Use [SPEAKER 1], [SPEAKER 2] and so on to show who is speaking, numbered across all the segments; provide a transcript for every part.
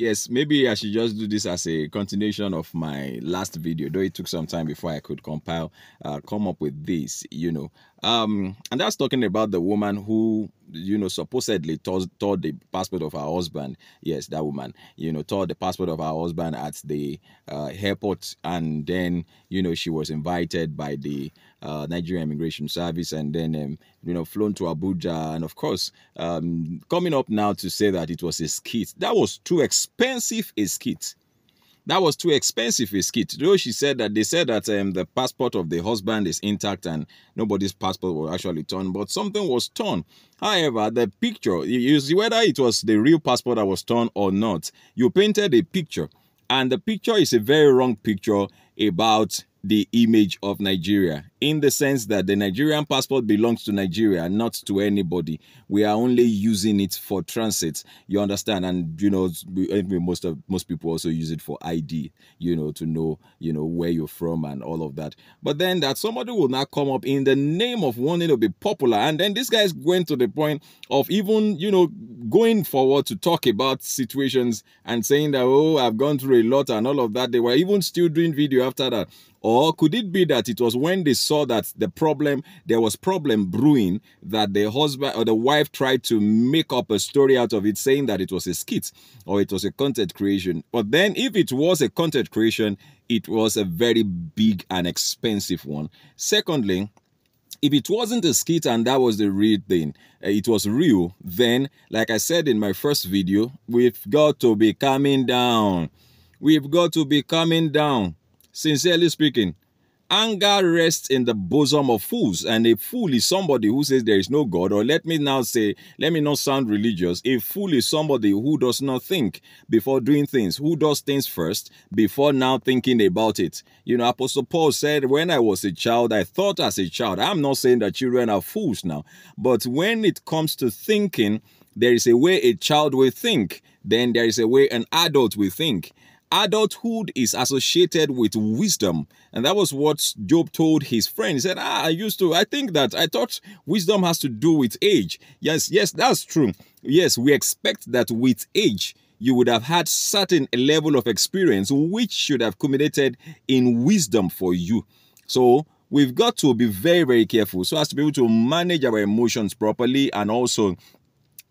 [SPEAKER 1] yes maybe i should just do this as a continuation of my last video though it took some time before i could compile uh, come up with this you know um and that's talking about the woman who you know, supposedly tore, tore the passport of her husband. Yes, that woman, you know, tore the passport of her husband at the uh, airport. And then, you know, she was invited by the uh, Nigerian Immigration Service and then, um, you know, flown to Abuja. And of course, um, coming up now to say that it was a skit, that was too expensive a skit that was too expensive a skit. Though she said that they said that um, the passport of the husband is intact and nobody's passport was actually torn, but something was torn. However, the picture, you see whether it was the real passport that was torn or not, you painted a picture, and the picture is a very wrong picture about the image of Nigeria in the sense that the Nigerian passport belongs to Nigeria, not to anybody. We are only using it for transit. You understand? And you know, most of most people also use it for ID. You know, to know you know where you're from and all of that. But then that somebody will now come up in the name of wanting to be popular, and then this guy is going to the point of even you know going forward to talk about situations and saying that oh I've gone through a lot and all of that. They were even still doing video after that. Or could it be that it was when they saw that the problem, there was problem brewing, that the husband or the wife tried to make up a story out of it, saying that it was a skit or it was a content creation. But then if it was a content creation, it was a very big and expensive one. Secondly, if it wasn't a skit and that was the real thing, eh, it was real, then, like I said in my first video, we've got to be coming down. We've got to be coming down. Sincerely speaking, anger rests in the bosom of fools and a fool is somebody who says there is no god or let me now say let me not sound religious a fool is somebody who does not think before doing things who does things first before now thinking about it you know apostle paul said when i was a child i thought as a child i'm not saying that children are fools now but when it comes to thinking there is a way a child will think then there is a way an adult will think adulthood is associated with wisdom and that was what job told his friend he said ah, i used to i think that i thought wisdom has to do with age yes yes that's true yes we expect that with age you would have had certain level of experience which should have culminated in wisdom for you so we've got to be very very careful so as to be able to manage our emotions properly and also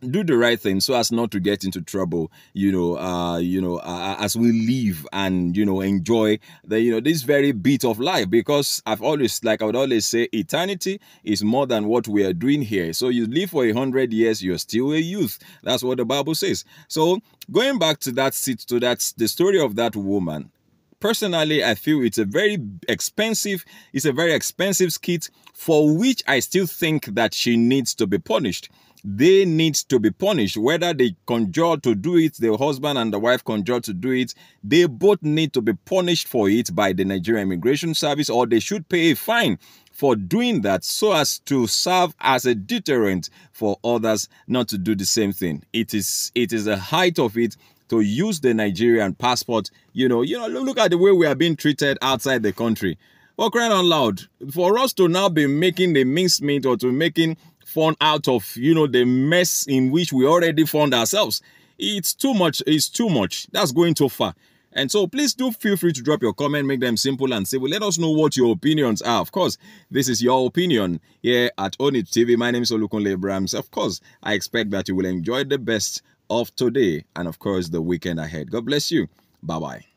[SPEAKER 1] do the right thing so as not to get into trouble you know uh you know uh, uh, as we live and you know enjoy the you know this very bit of life because i've always like i would always say eternity is more than what we are doing here so you live for a hundred years you're still a youth that's what the bible says so going back to that to that the story of that woman personally, I feel it's a very expensive, it's a very expensive skit for which I still think that she needs to be punished they need to be punished. Whether they conjure to do it, the husband and the wife conjure to do it, they both need to be punished for it by the Nigerian Immigration Service or they should pay a fine for doing that so as to serve as a deterrent for others not to do the same thing. It is, it is the height of it to use the Nigerian passport. You know, you know, look at the way we are being treated outside the country. Well, crying out loud, for us to now be making the mincemeat or to making fun out of, you know, the mess in which we already found ourselves, it's too much. It's too much. That's going too far. And so please do feel free to drop your comment, make them simple and say, well, Let us know what your opinions are. Of course, this is your opinion here at Onit TV. My name is Olukunle Brams. Of course, I expect that you will enjoy the best of today and, of course, the weekend ahead. God bless you. Bye bye.